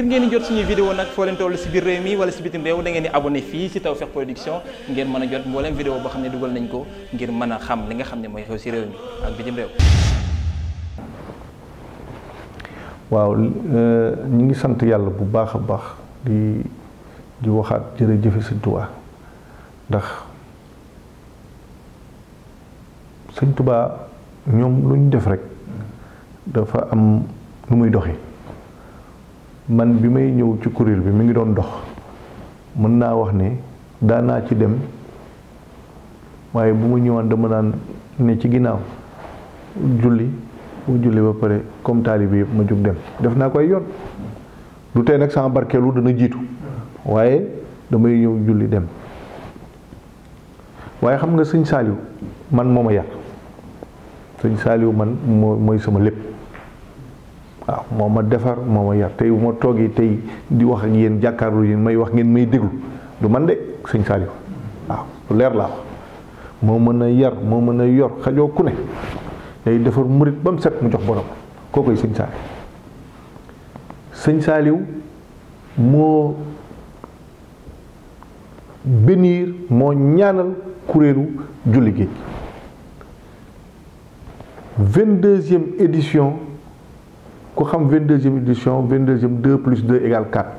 ngir ngeen di jot suñu vidéo nag foo leen toll si biir réew mi wala si bitim réew da ngeen di abonné fii si Tawfekh Production ngeen mën a jot mbooleem vidéo boo xam ne dugal nañ ko ngir mën a xam li nga xam ne mooy xew si réew mi ak bitim réew waaw euh, ñu ngi sant yàlla bu baax a baax di di waxaat jërëjëfe sëñ Tuubaa ndax sëñ Tuubaa ñoom lu ñu def rek dafa am nu muy doxee man bi may ñëw ci kuréel bi mi ngi doon dox mën naa wax ni daanaa ci dem waaye bu ma ñëwaan dama naan ne ci ginnaaw julli bu julli ba pare comme taalibe yëpp ma jóg dem def naa ko yoon du tey nag sama barkeelu dana jiitu waaye damay ñëw julli dem waaye xam nga sëñ Saliou man moo ma yar sëñ Saliou man moo mooy sama lépp waaw moo ma defar moo ma yar tey bu ma toogee tey di wax ak yéen jàkkaarloo yéen may wax ngeen may déglu du man de sëñ Saliou waaw lu leer laa wax moo mën a yar moo mën a yor xajoo ku ne day defar murit ba mu set mu jox borom kookoy sëñ Saliou sëñ Saliou moo bénir moo ñaanal kuréelu julli géej vingt-deuxième édition ku xam vingt deuxième édition vingt deuxième deux plus deux égale quatre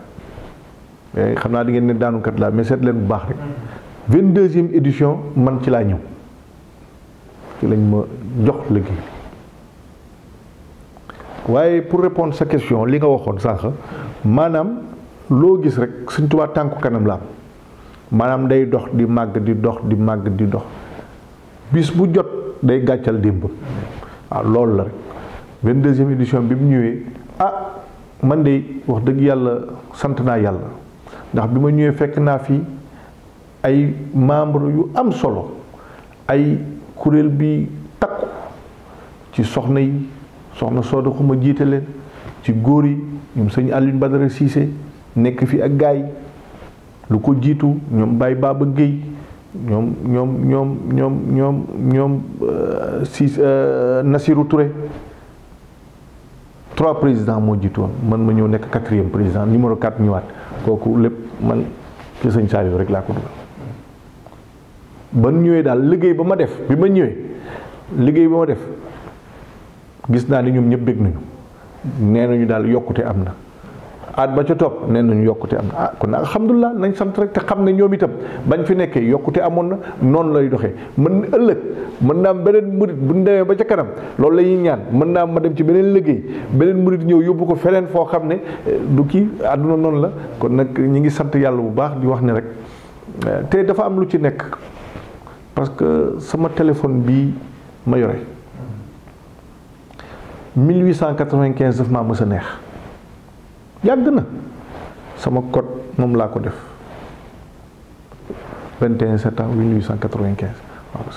mais eh, xam naa di ngeen ne daanukat laa mais seet bu baax rek vingt deuxième édition man ci laa ñëw ci lañ ma jox liggéey waaye pour répondre sa question li nga waxoon sànq maanaam loo gis rek Sëñ Tuubaa tànku kanam la am maanaam day dox di màgg di dox di màgg di dox bis bu jot day gàccal démb waaw ah, loolu la rek 22e édition bi mu ñëwee ah man de wax dëgg yàlla sant naa yàlla ndax bi ma ñëwee fekk naa fi ay membre yu am solo ay kuréel bi takku ci soxna yi soxna sooda xuma jiite leen ci góor yi ñoom sëñ Alioune Badara Cissé nekk fii ak gaay lu ko jiitu ñoom Baye Baba Guèye ñoom ñoom ñoom ñoom ñoom ñoom euh, si euh, Nasirou Touré trois président moo jiitoon man ma ñëw nekk quatrième président numéro quatre ñëwaat kooku lépp man ci sëñ Saliou rek laa ko dugal ba ñëwee daal liggéey ba ma def bi ma ñëwee liggéey ba ma def gis naa ni ñoom ñëpp bég nañu nee nañu daal yokkute am na at ba ca neen nee nañu yokkute am na ah kon alhamdulilah nañ sant rek te xam ne ñoom itam bañ fi nekkee yokkute amoon na noonu lay doxee mën ëllëg mën naa am beneen murit bu ñu demee ba ca kanam loolu la ñuy ñaan mën naa am ma dem ci beneen liggéey beneen murit ñëw yóbbu ko feneen foo xam ne eh, du kii àdduna noonu la kon nag ñi ngi sant yàlla bu baax di wax ne rek eh, te dafa am lu ci nekk parce que sama téléphone bii ma yore 1895 daf maa mës a neex. yàgg na sama code moom laa ko def 21 septembre 1895 waaw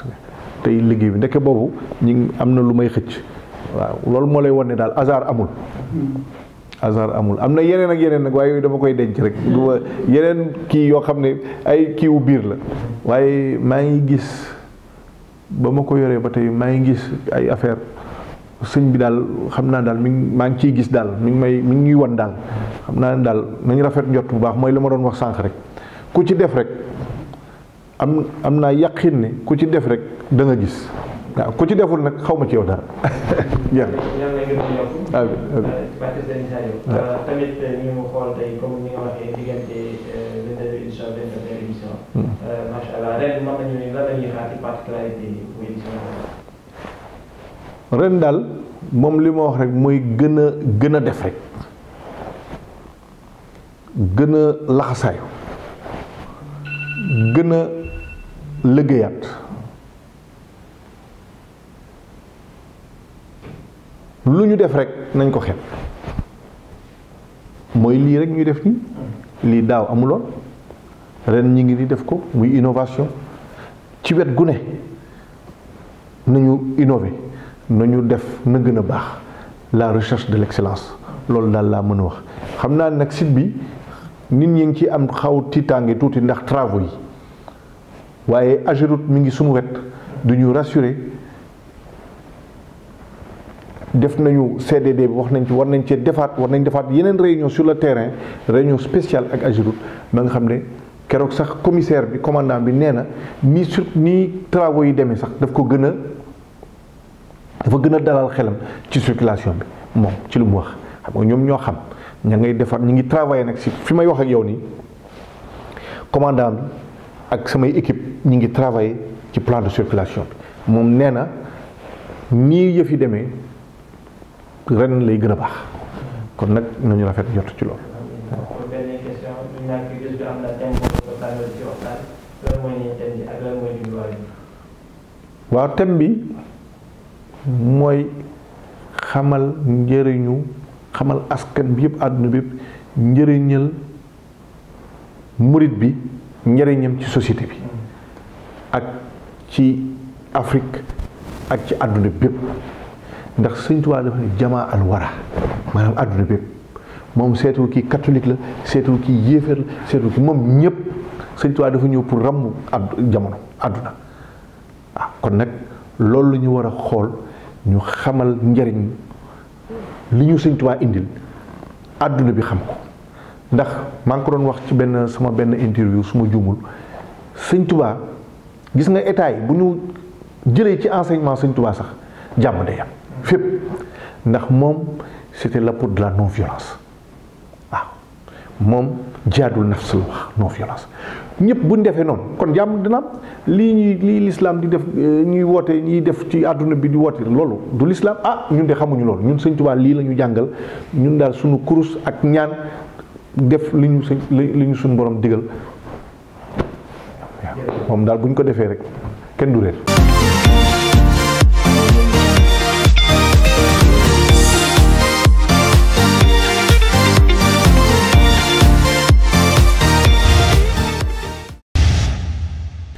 tey liggéey bi ndeke boobu ñi am na lu may xëcc waaw loolu moo lay wan ne daal hasard amul hasard amul am na yeneen ak yeneen nag waaye yooyu dama koy denc rek du ma yeneen kii yoo xam ne ay kiiwu biir la waaye maa ngi gis ba ma ko yoree ba tey maa ngi gis ay affaire sëñ bi daal xam naa daal mi maa ngi ciy gis daal mi ngi may mi ngi ñuy won daal xam naa daal nañ rafet njot bu baax mooy li ma doon wax sànq rek ku ci def rek am am naa yàqin ne ku ci def rek danga nga gis waaw ku ci deful nag xaw ma ci yow dara. ren daal moom li ma wax rek mooy gën a gën a def rek gën a laxasaayu gën a liggéeyaat lu ñu def rek nañ ko xeeb mooy lii rek ñuy def nii lii daaw amuloon ren ñi ngi di def ko muy innovation ci wet gu ne nañu innové na ñu def na gën a baax la recherche de l'excellence loolu daal laa mën a wax xam naa nag site bi nit ñi ngi ci am xaw tiitaange tuuti ndax travaux yi waaye Ageroute mi ngi sumu wet du ñu rassurer def nañu CDD bi wax nañ ci war nañ cee defaat war nañ defaat yeneen réunion sur le terrain réunion spécial ak Ageroute ba nga xam ne keroog sax commissaire bi commandant bi nee na nii sur nii travaux yi demee sax daf ko gën a dafa gën a dalal xelam ci circulation bi moom ci lu mu wax xam nga ñoom ñoo xam ña ngay defar ñu ngi travailler nag si fi may wax ak yow nii commandant ak samay équipe ñu ngi travailler ci plan de circulation bi moom nee na ñii yëf yi demee ren lay gën a baax kon nag nañu rafet jot ci loolu. waaw thème bi. mooy xamal njëriñu xamal askan bi yëpp àdduna bépp yëpp njëriñal murit bi njëriñam ci société bi ak ci Afrique ak ci àdduna bépp ndax Sëñ Tuubaa dafa ne jamaa al wara maanaam àdduna bépp moom seetul kii katolik la seetul kii yéeféer la seetul kii moom ñëpp Sëñ Tuubaa dafa ñëw pour ràmm ab jamono àdduna ah kon nag loolu la ñu war a xool ñu xamal njariñ li ñu sëñ Tuubaa indil àdduna bi xam ko ndax maa ngi ko doon wax ci benn sama benn interview su ma juumul sëñ gis nga état yi bu ñu jëlee ci enseignement sëñ sax jàmm day am fépp ndax moom c'était l'apport de la non-violence moom jaadul nafsul wax non violence ñëpp buñ defee noonu kon jàmm dina am lii ñuy lii lislaam di def eh, ñuy woote ñuy def ci àdduna bi di wootee loolu du lislaam ah ñun de xamuñu loolu ñun sëñ Tuubaa lii la ñu jàngal ñun daal suñu kurus ak ñaan def li ñu sëñ suñu borom digal moom daal buñ ko defee rek kenn du réer